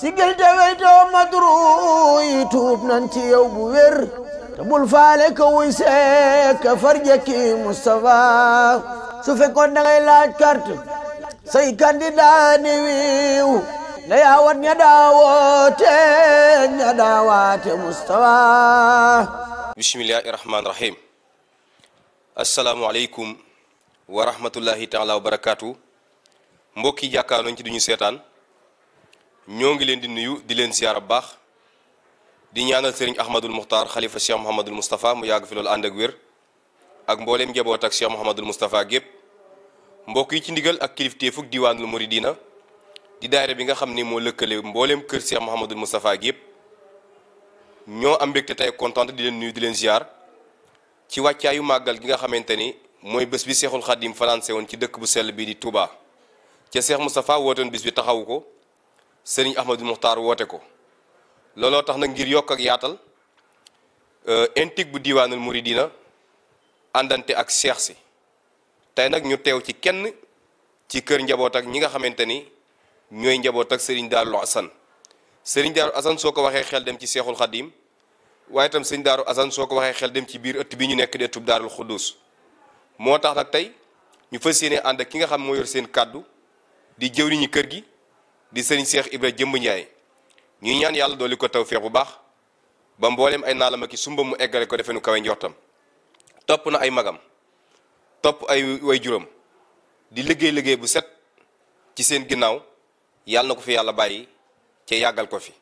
sigil te weytoo madru yi tuub nan ci yow bu wér te bul faale ka wuy see ka farjekki Moustapha su fekkoon da ngay laaj carte say candidat ni wiiw na yaawat ña daawoote ña daawaate rahim asalaamualeykum wa rahmatullahi taala wa barakaatu mbokki jàkkaarlooñ ci duñu seetaan ñoo ngi leen di nuyu di leen siyaara bu baax di ñaanal sëriñ ahmadul muxtaar xalifa cheikh mohamadul moustapha mu yàgg fi loolu ànd ak wér ak mbooleem njaboot ak cheikh mohamadul moustapha gépp yi ci ndigal ak kilifteefug diwaanul muridina di daayira bi nga xam ni moo lëkkale mbooleem kër cheikh mohamadul moustapha gépp ñoo am mbégte tey kontaan di leen nuyu di leen ziar ci wàccaayu màggal gi nga xamante ni mooy bés bi seexul xaddim fanaanse woon ci dëkk bu sell bi di Touba ca seex Moustapha wootoon bis bi taxawu ko sëriñ Ahmadou Muxtaar woote ko looloo tax nag ngir yokk ak yaatal euh, intig bu diwaanul muridina àndante ak seex si tey nag ñu teew ci kenn ci kër njaboot ak ñi nga xamante ni ñooy njaboot ak sëriñ Daaru Asan sëriñ Daaru Asan soo ko waxee xel dem ci seexul xadim waaye tam sëriñ Daaru Asan soo ko waxee xel dem ci biir ëtt bi ñu nekk di ëttub daarul xuddus moo tax nag tey ñu fas yéene ànd ki nga xam moo yor seen kàddu di jëwriñu kër gi di sëriñ Cheikh Ibra Jëmb Ndiaye ñuy ñaan yàlla dooli ko tawféex bu baax ba mbooleem ay naalam ak sumba mu eggale ko defe nu kawe njortam na ay magam top ay way juram di liggéey liggéey bu set ci seen ginnaaw yàlla na ko fi yàlla bàyyi ci yàggal ko fi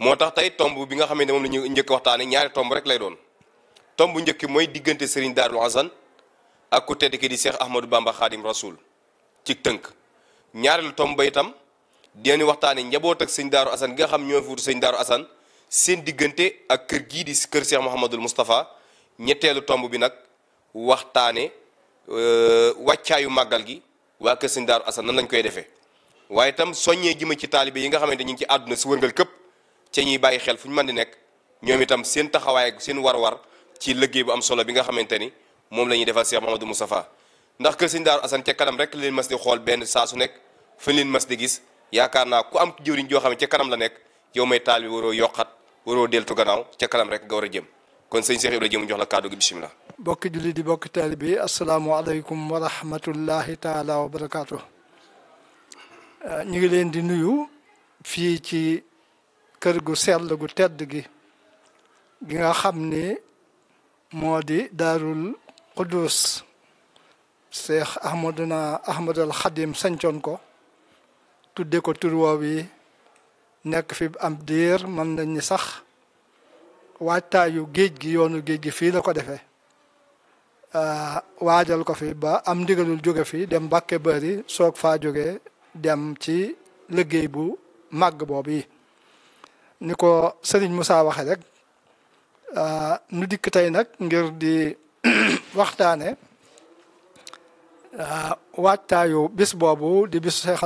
moo tax tey bi nga xamante ne moom la ñu ñaari rek lay doon ak tedd ki di Cheikh Ahmadou Bamba Khadim Rasoul ci tënk ñaareelu tomb itam dinañu waxtaane njaboot ak sëñ daaru asan gi nga xam ñoo fi wutu sëñ daaru asan seen diggante ak kër gii di kër Cheikh Mouhamadul Moustapha ñetteelu tomb bi nag waxtaane euh, wàccaayu màggal gi waa kër sëñ daaru asan nan lañ koy defee waaye itam soññee ji ma ci taalibe yi nga xamante ñu ngi ci àdduna si wërngal këpp ca ñuy bàyyi xel fu ñu mën di nekk ñoom itam seen taxawaay ak seen war ci liggéey bu am solo bi nga xamante ni moom la ñuy defal Cheikh Mouhamadul Moustapha ndax kër sëñ daaru asan ca kanam rek leen mas xool benn saa su nekk fa leen mas di gis ya kana ku am jëwriñ jo xam ci kanam la nek yow may talib woro waroo yokkat waroo deltu gannaaw ci kanam rek nga war jëm kon seigne Cheikh ibrahim jox la cadeau gi bisimilah. julli di bokk taali bi alaykum wa rahmatullahi taala wa barakatuh euh, ñi ngi leen di nuyu fi ci kër gu sel gu tedd gi gi nga xam modi darul qudus Cheikh Ahmaduna Ahmadul khadim sanchon ko tudde ko tur yi nekk fi am diir mën nañ ni sax waajtaayu géej gi yoonu géej gi fii la ko defee ah, waajal ko fi ba am ndigalul jóge fi dem Mbàkke Bari soog faa jóge dem ci liggéey bu màgg boobu yi ni ko sëriñ Moussa waxe rek ah, nu dikk tey nag ngir di waxtaane waajtaayu bis boobu di bis seex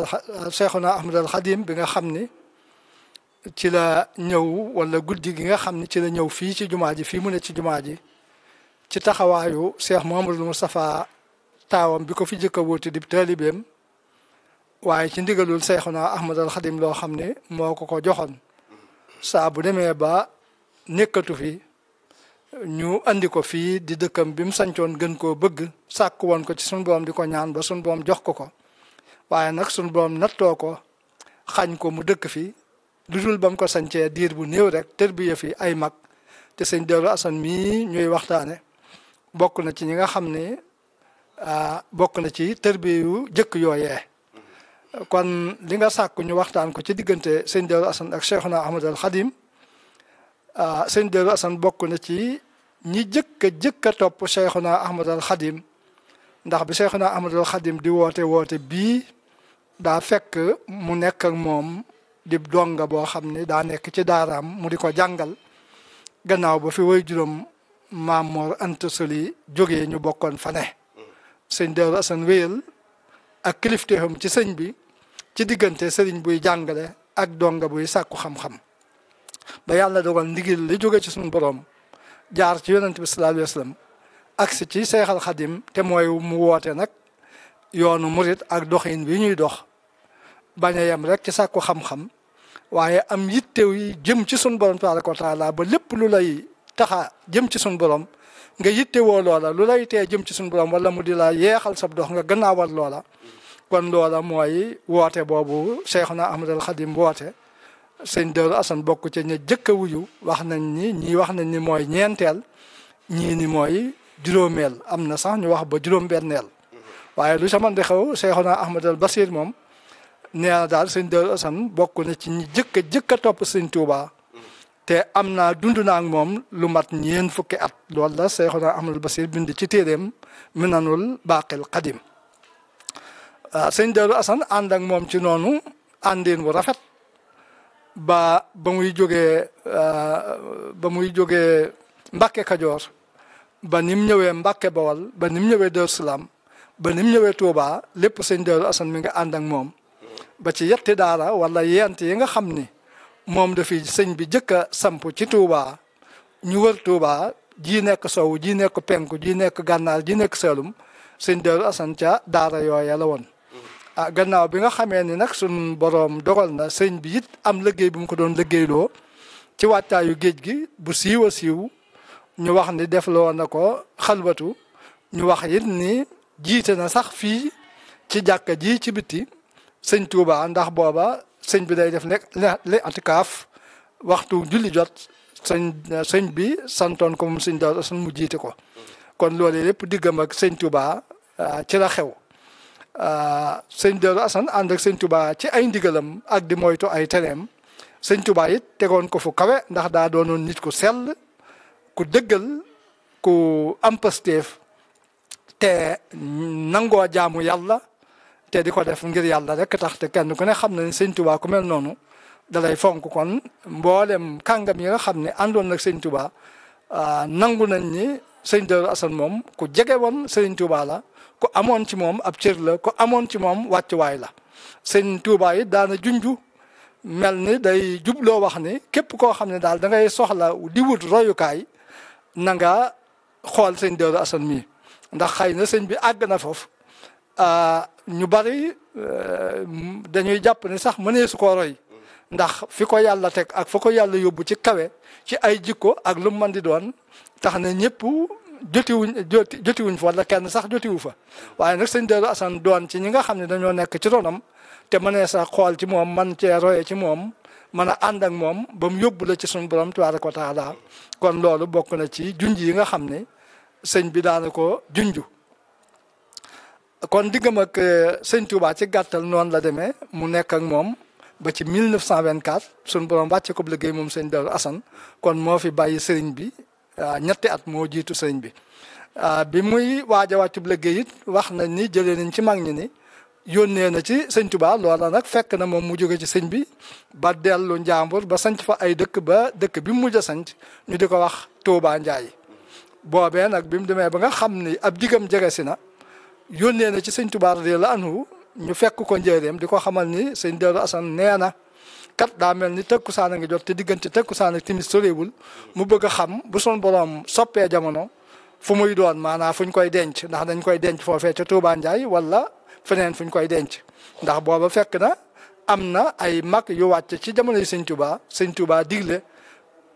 seexuna ahmad al xadim bi nga xam ni ci la ñëw wala guddi gi nga xam ni ci la ñëw fii ci jumaa ji fii mu ne ci jumaa ji ci taxawaayu seex muhammadul mustapha taawam bi ko fi jëkk a wuuti di taalibeem waaye ci ndigalul seexuna ahmad al xadim loo xam ne moo ko ko joxoon saa bu demee ba nekkatu fi ñu andi ko fii di dëkkam bi mu sancoon gën koo bëgg sàkk woon ko ci suñu boom di ko ñaan ba suñu boom jox ko ko waaye nag suñu boom nattoo ko xañ ko mu dëkk fii lu dul ba mu ko sancee diir bu néew rek tërbiya fii ay mag te sëñ Darou Assane mii ñuy waxtaane bokk na ci ñi nga xam ne bokk na ci tërbiya yu jëkk yooyee kon li nga sak ñu waxtaan ko ci diggante sëñ Darou Assane ak Cheikhuna Ahmadul Xadim Ah, sëñ Darou Assane bokk na ci ñi jëkk a jëkk a topp Cheikhuna Ahmadul Xadim ndax bi Cheikhuna Ahmadul Xadim di woote woote bii daa fekk mu nekk ak moom di donga boo xam ne daa nekk ci daaraam mu di ko jàngal gannaaw ba fi way juróom maam Mor Anta Sali jógee ñu bokkoon fa ne sëñ Darou Assane wéyal ak kilifteefam ci sëñ bi ci diggante sëriñ buy jàngale ak donga buy sàkku xam-xam ba yàlla dogal ndigil li jóge ci suñu borom jaar ci yonent bi sallallahu alayhi wa sallam ci seexal xadim te mooy mu woote nag yoonu murit ak doxin bi ñuy dox bañ a yem rek ci sàkku xam-xam waaye am yittew jëm ci suñu borom tabaraka wa taala ba lépp lu lay taxa jëm ci suñu borom nga yittewoo loola lu lay tee jëm ci suñu borom wala mu di la yeexal sab dox nga gannaawal loola kon loola mooy woote boobu Cheikhuna Ahmadul Xadim woote sëñ Daaru Asan bokk ca ña jëkk a wuyu wax nañ ni ñii wax nañ ni mooy ñeenteel ñii ni mooy juróomeel am na sax ñu wax ba juróom-benneel waaye lu saman di xew Seexuna Ahmadal Basir moom nee na daal sëñ Daaru Asan bokk na ci ñi jëkk jëkk a topp sëñ am naa dund naa ak moom lu mat ñeen fukki at loolu la Seexuna Ahmadal Basir bind ci téeréem Minanul Baaqil Qadim waaw ah, sëñ Asan ànd moom ci noonu àndeen wu rafet ba ba muy jógee euh, ba muy jógee Mbàkke Kajoor ba ni mu ñëwee mbake Bawal ba ni mu ñëwee Daaru ba ni mu ñëwee Tuubaa lépp sëñ Daaru Asan mi ngi ànd ak moom ba ci yetti daara wala yent yi nga xam ni moom dafi sëñ bi jëkk a samp ci Tuubaa ñu wër Tuubaa ji nekk sow ji nekk penku ji nekk gànnaar ji nekk Saalum sëñ Daaru Asan ca daara yooya la woon ah gannaaw bi nga xamee ni nag sunu borom dogal na sëñ bi it am liggéey bu mu ko doon liggéeyloo ci wattaayu géej gi bu siiw a siiw ñu wax ni defloo na ko xalwatu ñu wax it ni jiite na sax fii ci jàkka ji ci biti sëñ Touba ndax booba sëñ bi day def nekk li atikaaf waxtu julli jot sëñ bi santoon ko moom sëñ daal san mu jiite ko kon loolu lépp diggam ak sëñ Touba ah, ci la xew Ah, sëñ Darou Assane ànd ak sëñ ci ay ndigalam ak di moytu ay tereem sëñ Touba it tegoon ko fu kawe ndax daa doonoon nit ku sell ku dëggal ku am te nangoo jaamu yàlla te di ko def ngir yàlla rek tax te kenn ku ne xam na ne sëñ Touba ku mel noonu dalay fonk kon mboolem kàngam yi nga xam ne àndoon nag sëñ Touba ah, nangu nañ ni sëñ Darou Assane moom ku jege woon sëñ la. ku amoon ci moom ab cër la ku amoon ci moom wàccuwaay la seen Tuubaa yi daana junju mel ni day jubloo wax ni képp koo xam ne daal dangay soxla di wut royukaay na nga xool sëñ Daaru Asan mi ndax xay na sëñ bi àgg na foofu ah, ñu bari eh, dañuy jàpp ni sax mënee su ko roy ndax fi ko yàlla teg ak fa ko yàlla yóbbu ci kawe ci ay jikko ak lu mu doon tax na ñëpp jotiwuñ jotiwuñ fa wala kenn sax jotiwu fa waaye nag sëñ Darou Assane doon ci ñi nga xam ne dañoo nekk ci ronam te mënee sa xool ci moom man cee roye ci moom mën a ànd ak moom ba mu yóbbu la ci suñ borom tabaaraka wa taala kon loolu bokk na ci junj yi nga xam ne sëñ bi daana ko junju kon diggam ak eh, sëñ Touba ci gàttal noonu la demee mu nekk ak moom ba ci 1924 suñu borom wàcce ko liggéey moom sëñ Darou Assane kon moo fi bàyyi sëriñ bi Euh, ñetti at moo jiitu sëñ bi euh, bi muy waaja a wàccub liggéey wax nañ ni jëlee nañ ci mag ñi ni yónnee na ci sëñ Tuubaa loola nag fekk na moom mu jóge ci sëñ bi ba dellu njàmbur ba sanc fa ay dëkk ba dëkk bi mu mujj sanc ñu di ko wax Tuubaa Njaay boobee nag bi mu demee ba nga xam ni ab digam jege si na yónnee na ci sëñ Tuubaa radiyallaahu anhu ñu fekk ko njëriñam di ko xamal ni sëñ Daaru Asan nee na kat daa mel ni ku a ngi jot te diggante tëkkusaan ak timis sorewul mu bëgg a xam bu sun borom soppee jamono fu muy doon maanaam fu ñu koy denc ndax dañ koy denc foofee ca Touba Ndiaye wala feneen fu ñu koy denc ndax booba fekk na am na ay mag yu wàcc ci jamono yi sëñ Touba sëñ Touba digle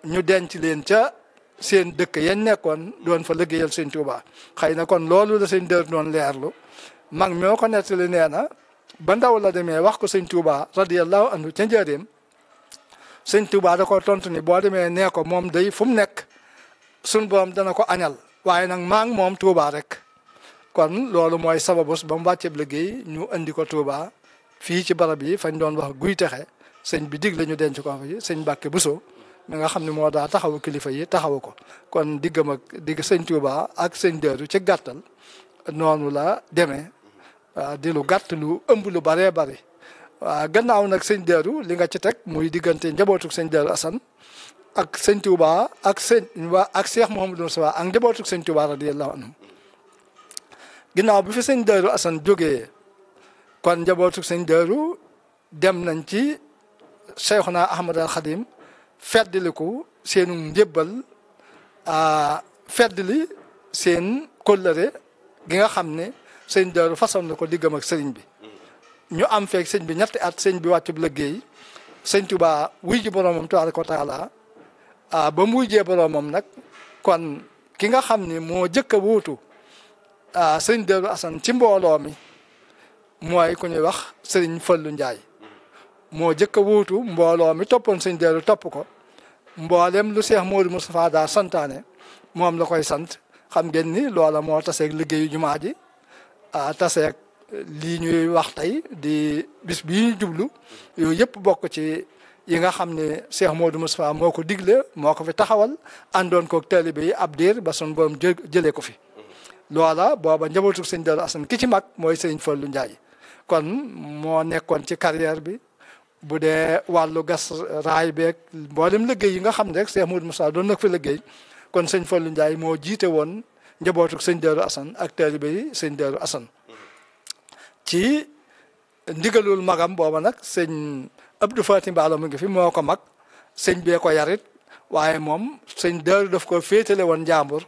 ñu denc leen ca seen dëkk yañ nekkoon doon fa liggéeyal sëñ Touba xëy na kon loolu la sëñ dër doon leerlu mag ñoo ko nettali nee na ba ndaw la demee wax ko sëñ Touba radiyallahu anhu ca njëriñ sëñ Touba da ko tontu ni boo demee nee ko moom day fu mu nekk suñ borom dana ko añal waaye nag maa ngi moom Touba rek kon loolu mooy sababus ba mu wàcceeb liggéey ñu andi ko Touba fii ci barab yi fañ doon wax guy texe sëñ bi dig la ñu denc ko fi sëñ bu so mi nga xam ne moo daa taxawu kilifa yi taxawu ko kon diggam ak digg sëñ Touba ak sëñ Dëru ci gàttal noonu la demee Ah, di lu gàtt lu ëmb lu bëree bëri waaw ah, gannaaw nag sëñ Darou li nga ci teg muy diggante njabootu sëñ Darou Assane ak sëñ Touba ak sëñ ak Cheikh Mouhamadou ak njabootu sëñ Touba radiyallahu anhu ginnaaw bi fi sëñ Darou Assane jógee kon njabootu sëñ Darou dem nañ ci Cheikhuna Ahmad al Khadim feddiliku seenu njébbal ah, feddili seen kóllëre gi nga xam ne. sëñ Daaru fasal na ko diggam ak sëriñ bi ñu am feek sëñ bi ñetti at sëñ bi wàccub léggéey sëñ Tuubaa wuy ji boroomam tabaaraka wa taala ah ba mu wujjee boroomam nag kon ki nga xam ni moo jëkk a wuutu ah Daaru Asan ci mbooloo mi mooy ku ñuy wax sëriñ Fallu Njaay moo jëkk a wuutu mbooloo mi toppoon sëñ Daaru topp ko mboolem lu Seex Moodu Mustafaa daa santaane moom la koy sant xam ngeen ni loola moo taseeg liggéeyu jumaa ji taseeg lii ñuy wax tey di bis bii ñu jublu yooyu yëpp bokk ci yi nga xam ne Cheikh Modou Moustapha moo ko digle moo ko fi taxawal àndoon koog taalibe yi ab diir ba sun boom jë jëlee ko fi loola booba njabootu sëñ Darou Assane ki ci mag mooy sëñ Fallou Ndiaye kon moo nekkoon ci carrière bi bu dee wàllu gas raay beeg mboolem liggéey yi nga xam ne rek Cheikh Modou Moustapha doon na ko fi liggéey kon sëñ Fallou Ndiaye moo jiite woon njabootuk sëñ Daaru Asan ak taalibe yi sëñ Daaru Asan ci ndigalul magam booba nag sëñ Abdou Fatim Baalo mu ngi fi moo ko mag sëñ bee ko yarit waaye moom sëñ Daaru daf ko féetale woon njàmbur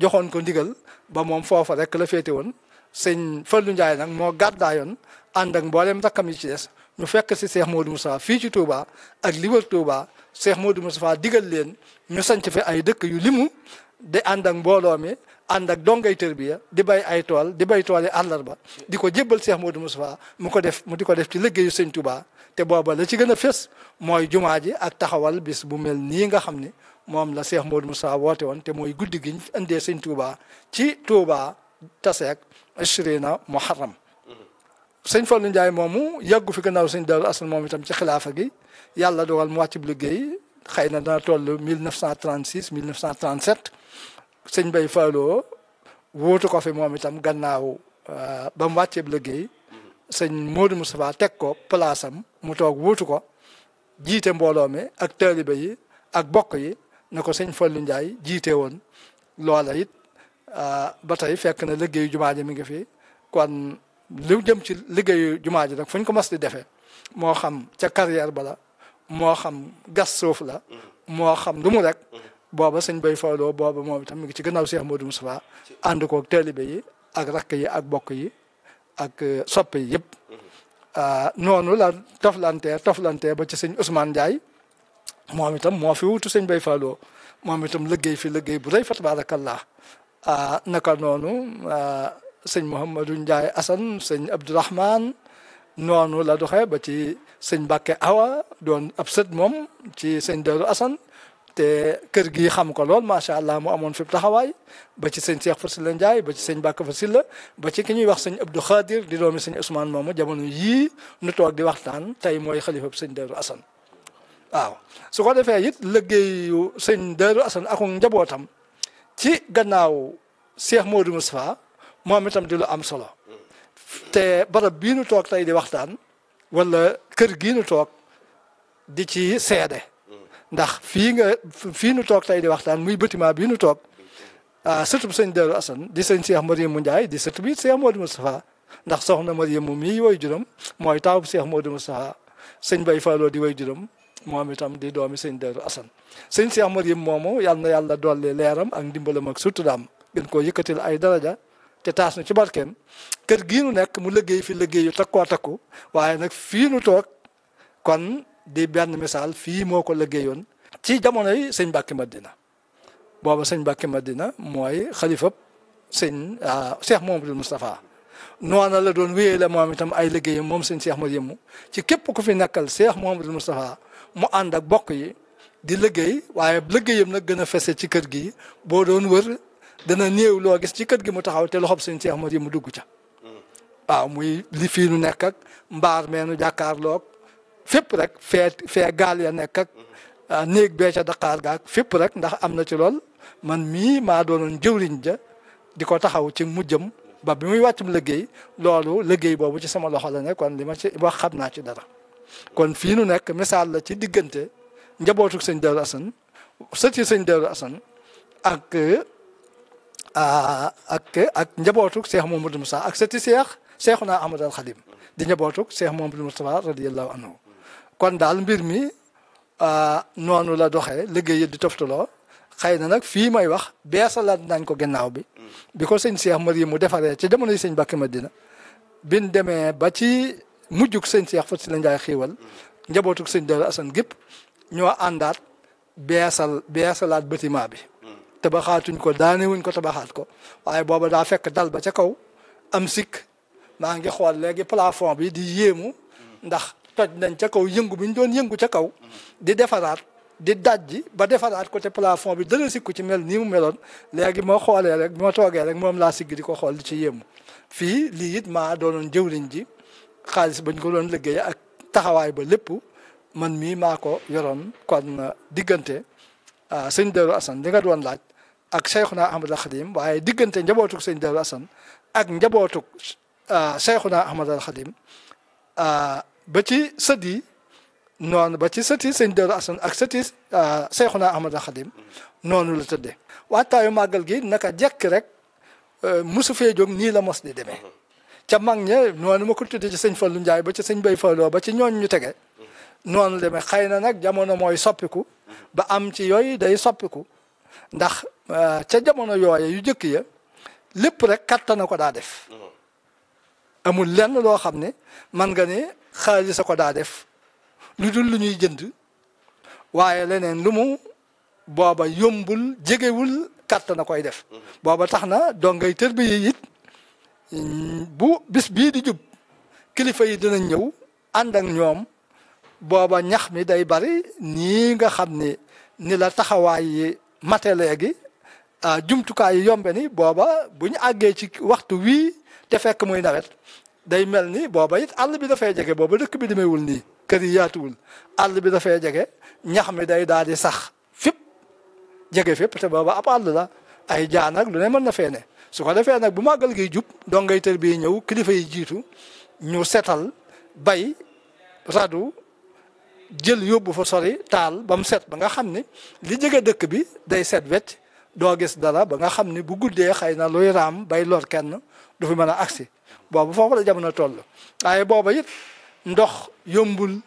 joxoon ko ndigal ba moom foofa rek la féete woon sëñ Fallu Njaay nag moo gàddaayoon ànd ak mboolem rakkam yi ci des ñu fekk si Cheikh Modou Moustapha fii ci Touba ak li tuuba Touba Cheikh Modou Moustapha digal leen ñu sanc fi ay dëkk yu limu de ànd ak mbooloo mi ànd ak dongay tërbiya di bay ay toal di bay tool yi àllarba di ko jébbal Cheikh Modou Moustapha mu ko def mu diko def ci liggéeyu seigne Touba te boba la ci gëna fess moy mooy ji ak taxawal bis bu mel ni nga xamne mom la Cheikh Modou Moustapha wote won te moy guddi giñ ñu indee Sëñ Touba ci Touba tasek Ashrina Muharram seigne Fallou ndjay momu yàggu fi gënaaw seigne dal asal moom tam ci khilafa gi yàlla dogal mu wàcc bu liggéey xeyna na dana toll 1936 1937 sëñ Bay Falloo wuutu ko fi moom itam gannaaw euh, ba mu wàcceeb liggéey sëñ Modou Moustapha teg ko place mu toog wuutu ko jiite mbooloo mi ak taalibe yi ak bokk yi na ko sëñ Fallou Ndiaye jiite woon loola it euh, ba tey fekk na liggéeyu jumaa ji mi ngi fi kon lu jëm ci liggéeyu jumaa ji nag fu ñu ko mas di defee moo xam ca carrière ba la moo xam gas suuf la moo xam lu rek booba sëñ bay Fallou booba moom itam mi ngi ci gannaaw Cheikh Modou Moustapha ànd koog taalibe yi ak rakk yi ak bokk yi ak euh, soppe yi yëpp. Mm-hmm. Ah, noonu la toflantee toflantee ba ci sëñ Ousmane Ndiaye moom itam moo fi wutu sëñ bay Fallou moom itam liggéey fi liggéey bu rëy fa tabarakallah ah, naka noonu ah, sëñ Mouhamadou Ndiaye Assane sëñ Abdourahman noonu la doxee ba ci sëñ Mbacke Awa doon ab sët moom ci sëñ Darou Assane. te kër gi xam ko lool macha allah mu amoon fi taxawaay ba ci sëñ Cheikh Fassila Ndiaye ba ci sëñ Bakka Fassila ba ci ki ñuy wax sëñ Abdou Khadir di doomi sëñ Ousmane moomu jamono yii nu toog di waxtaan tey mooy xalifa sëñ Darou Assane waaw su ko defee it liggéeyu sëñ Darou Assane ak njabootam ci gannaaw Cheikh Modou Moustapha moom itam di lu am solo te barab bii nu toog tey di waxtaan wala kër gi nu toog di ci seede ndax fii nga fii nu toog tey di waxtaan muy bâtiment bii nu toog ah surtout sëñ Darou Assane di sëñ Cheikh Mariamou Ndiaye di surtout bi Cheikh Modou Moustapha ndax soxna Mariamou mii woy juróom mooy taawu Cheikh Modou Moustapha sëñ Bay Fallou di way juróom moom itam di doomi sëñ Darou Assane sëñ Cheikh Mariamou moomu yal na yàlla dolli leeram ak ndimbalam ak suturaam gën koo yëkkatil ay daraja te taas na ci barkeem kër gii nu nekk mu liggéey fi liggéey yu takkoo takku waaye nag fii di benn misaal fii moo ko yoon ci jamono yi sëñ Mbàkke Madina booba sëñ Mbàkke Madina mooy xalifab sëñ ah, Cheikh Mouhamadoul Moustapha noona la doon wéyee la moom itam ay liggéeyam moom sëñ Cheikh Mouhamadou Yemou ci képp ku fi nekkal Cheikh Mouhamadoul Moustapha mu ànd ak bokk yi di liggéey waaye liggéeyam nag gën a fese ci kër gi boo doon wër dana néew loo gis ci kër gi mu taxaw te loxob sëñ Cheikh Mouhamadou Yemou dugg ca mm. waaw muy li fii nu nekk ak mbaar meenu jàkkaarloog fépp rek fee fee gaal ya nekk ak mm-hmm. ah, néeg bee ca gaak fépp rek ndax am na ci lool man mii maa doonoon jëwriñ ja di ko taxaw ci mu jëm ba bi muy wàccum liggéey loolu liggéey boobu ci sama loxo la ne kon li ma ci wax xam naa ci dara kon fii nu nekk misaal la ci diggante njabootuk sëñ Darou Assane sëti ah, ak ak ak njabootuk Cheikh Mamadou Moussa ak sëti Cheikh Cheikhuna Ahmad al Khadim di njabootuk Cheikh Mamadou Moustapha radiyallahu anhu kon daal mbir mi euh, noonu la doxee liggéey di toftaloo xëy na nag fii may wax beesalaat nañ ko gennaaw bi bi ko sëñ Cheikh Marie mu defaree ci jamonoy sëñ Mbàkke Madina bin demee ba ci mujjug sëñ Cheikh Faty Sylla Ndiaye xiiwal njabootug sëñ Darou Assane gépp ñoo àndaat beesal beesalaat bâtiment bi tabaxaatuñ ko daane wuñ ko tabaxaat ko waaye booba daa fekk dal ba ca kaw am sik maa ngi xool léegi plafond bi di yéemu ndax toj nañ ca kaw yëngu bi ñu doon yëngu ca kaw di defaraat di dajji ba defaraat côté plafond bi dara sikku ci mel nii mu meloon léegi moo xoolee rek moo toogee rek moom laa sigg di ko xool di ci yéemu fii lii it maa doonoon jëwriñ ji xaalis bañ ko doon liggéey ak taxawaay ba lépp man mii maa ko yoroon kon diggante ah, sëñ Darou Assane li nga doon laaj ak Cheikhouna Ahmadou Khadim waaye diggante njabootuk sëñ Darou Assane ak njabootuk Cheikhouna ah, Ahmadou Khadim ah, ba ci sët yi noonu ba ci sëti sëñ Darou Assane ak sëti ah, Seexuna Ahmadu Xadim noonu la tëddee waajtaayu màggal gi naka jekk rek eh, mosu fee jóg nii la mos di demee ca mag ña noonu ma ko tuddee ci sëñ Fallu Njaay ba ci sëñ Bay Falloo ba ci ñooñ ñu tege noonu demee xëy na nag jamono mooy soppiku ba am ci yooyu day soppiku ndax eh, ca jamono yooye yu jëkk ya lépp rek kattana ko daa def mm-hmm. amul lenn loo xam ne man nga ne xaalis a ko daa def lu dul lu ñuy jënd waaye leneen lu mu booba yombul jegewul kàtt na koy def mhm. booba tax na dongay tërbiye it bu bis bii di jub kilifa yi dinañ ñëw ànd ñoom booba ñax mi day bari nii nga xam ni ni la taxawaay yi mate léegi ah, jumtukaay yi yombe ni booba bu ñu àggee ci waxtu wii te fekk muy nawet day mel ni booba it àll bi dafay jege booba dëkk bi demeewul nii kër yi yaatuwul àll bi dafay jege ñax mi day daal sax fépp jege fépp te booba ab àll la ay jaan lu ne mën na fee ne su ko defee nag bu màggal gi jub dongay tër bi ñëw kilifa yi jiitu ñu setal bay radu jël yóbbu fa sori taal ba mu set ba nga xam ni li jege dëkk bi day set wecc doo gis dara ba nga xam ni bu guddee xëy na luy raam bay lor kenn du fi mën a agsi boobu foofu la jamono toll waaye booba it ndox yombul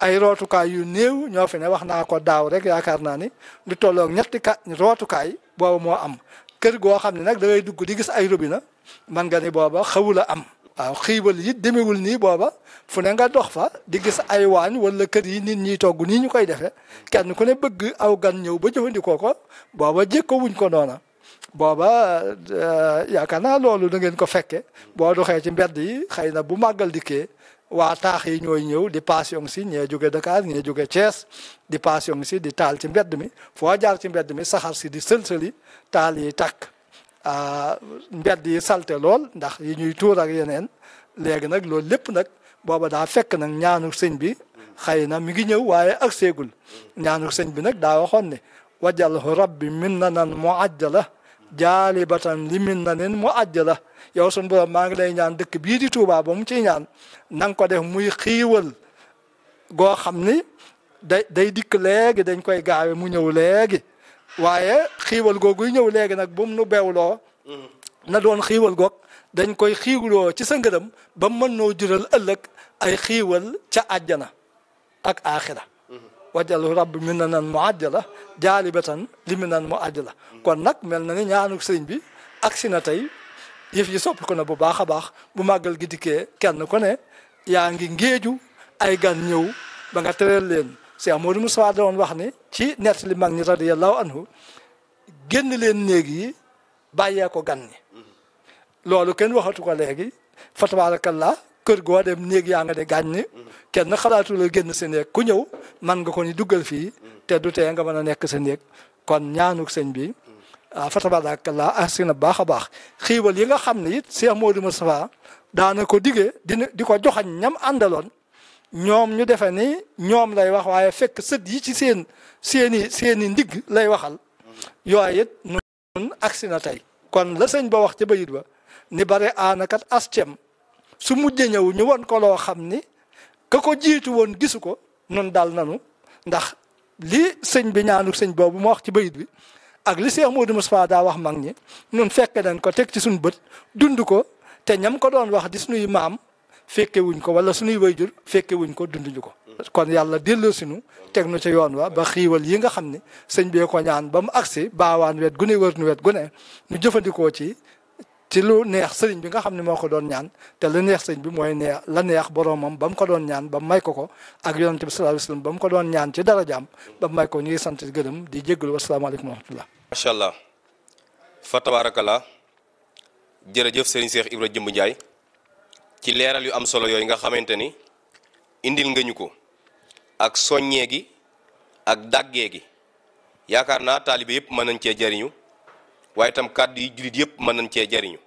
ay rootukaay yu néew ñoo fi ne wax naa ko daaw rek yaakaar naa ni lu tollook ñetti ka rootukaay booba moo am kër goo xam ne nag dangay dugg di gis ay robinet man nga ni booba xawula am waaw xiibal yi demewul nii booba fu ne nga dox fa di gis ay waañ wala kër yi nit ñi togg nii ñu koy defee kenn ku ne bëgg aw gan ñëw ba jëfandikoo ko booba jékko wuñ ko noona booba eh, yaakaar naa loolu da ngeen ko fekke boo doxee ci mbedd yi xëy na bu màggal dikkee waa taax yi ñooy ñëw di passion si ñee jóge Dakar ñee jóge Thiès di passion si di taal ci mbedd mi foo jaar ci mbedd mi saxar si di sëlsëli taal yi takk Ah, mbedd yi salte lool ndax yi ñuy tuur ak yeneen léegi nag loolu lépp nag booba daa fekk nag ñaanu sëñ bi xëy na mi ngi ñëw waaye ak seegul ñaanu sëñ bi nag daa waxoon ne wajalhu rabbi min na nan mu ajjala jaalibatan li min na nen mu ajjala yow sun borom maa ngi day ñaan dëkk bii di Tuubaa ba mu ciy ñaan na ko def muy xiiwal goo xam ni day day dikk léegi dañ koy gaawe mu ñëw léegi waaye xiiwal googu yi ñëw léegi nag bu mu nu beewloo na doon xiiwal goog dañ koy xiiwloo ci sa ngërëm ba mën noo jural ëllëg ay xiiwal ca àjjana ak aaxira wajal rabbi mi na nan mu àjjala jaalibatan li mi nan mu àjjala kon nag mel na ni ñaanu sëñ bi agsi na tey yëf yi soppi ko na bu baax a baax bu màggal gi dikkee kenn ku ne yaa ngi ngéeju ay gan ñëw ba nga tëral leen moo Modou Moussa da woon wax ne ci nettali mag ñi radiyallahu anhu génn leen néeg yi bàyyee ko gan ñi loolu kenn waxatu ko léegi fa tabarakallah kër goo dem néeg yaa nga de gàññ kenn xalaatu génn sa néeg ku ñëw man nga ko ni duggal fii te du tee nga mën a nekk sa néeg kon ñaanuk sëñ bi ah, fa tabarakallah arsi na baax a baax xiiwal yi nga xam ne it Cheikh Modou Moustapha daana ko digee dina di ko joxañ ñam àndaloon ñoom ñu defe ni ñoom lay wax waaye fekk sët yi ci seen seeni seeni ndigg lay waxal yooyu it nun agsi na tey kon la sëñ ba wax ca bayit ba ni bare aanakat astem su mujj ñëw ñu won ko loo xam ni ka ko jiitu woon gisu ko nun dal nanu ndax li sëñ bi ñaanu sëñ boobu ma wax ci bayit bi ak li Seex Moodu Mustafaa daa wax mag ñi nun fekk nañ ko teg ci suñu bët dund ko te ñam ko doon wax di suñuy maam fekke wuñ ko wala suñuy wayjur fekke wuñ ko dunduñu ko kon yàlla delloo sinu teg nu ci yoon wa ba xiiwal yi nga xam ne sëñ bee ko ñaan ba mu agsi baawaan wet gune wër nu wet gune ñu jëfandikoo ci ci lu neex sëriñ bi nga xam ne moo ko doon ñaan te la neex sëriñ bi mooy neex la neex boroomam ba mu ko doon ñaan ba mu may ko ko ak yonante bi sallallahu alayhi ba mu ko doon ñaan ci darajaam ba mu may ko ñu ngi sant gërëm di jéggalu wasalaamaaleykum wa rahmatullah macha allah fa tabarakallah jërëjëf sëriñ Cheikh Ibra Jëmb Ndiaye ci Liu yu am solo yoy nga xamanteni ni indil nga ñuko ak soñe gi ak dàggee gi yakarna talib taalibe yëpp mën nañ cee jariñu waye tam kaddu yi jullit yëpp mën nañ jariñu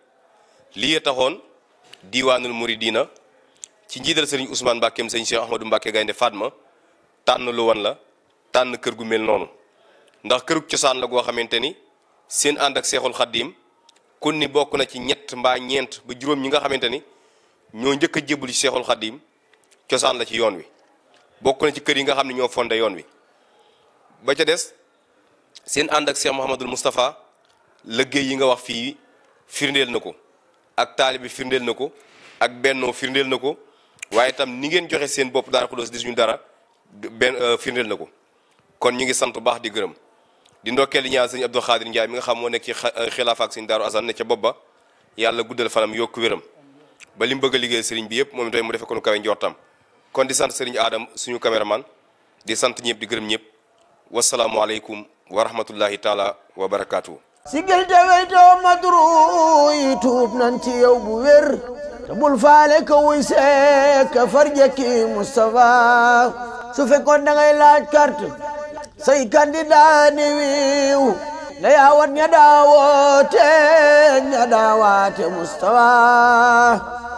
muridina ci njidal Usman Ousmane Mbàkkeem serigne Cheikh Ahmadou Mbàkke Gaynde Fatma tan lu won la tan kër gu mel non ndax kërug cosaan la go xamanteni ni seen ànd ak seexul xaddiim kun na ci ñett mba ñent ba juroom yi nga xamanteni ñoo ñëk jébul ci seexul xaddim cosaan la ci yoon wi bokku na ci kër yi nga xamni ñoo fondé yoon wi ba ca dess seen ànd ak Cheikh mohammedul mustafa liggéey yi nga wax fi firndel nako ak talibi firndel nako ak benno firndel nako waye tam ni ngeen joxe seen bopp daara xulóos di suñu dara ben firndel nako kon ñu ngi sant bu baax di gërëm di ndokkel ñaan seigne Abdou Khadir Ndiaye mi nga xam mo nek ci khilafa ak seigne daru azan ne ca bopp ba yàlla guddal fanam yok wéram ba lim bëgg liggéey sëriñ bi yëpp moom itamit mu defe ko nu kawe njortam kon di sant sëriñ Adam suñu caméraman di sant ñëpp di gërëm ñëpp alaykum wa rahmatullahi taala wa barakaatu. sigil te weytoo madru yi tuub nan ci yow bu wér te bul faale ko wuy see ka farjekki su fekkoon da ngay laaj carte say candidat ni wiiw na yaawat ña daawoote ña daawaate mustawa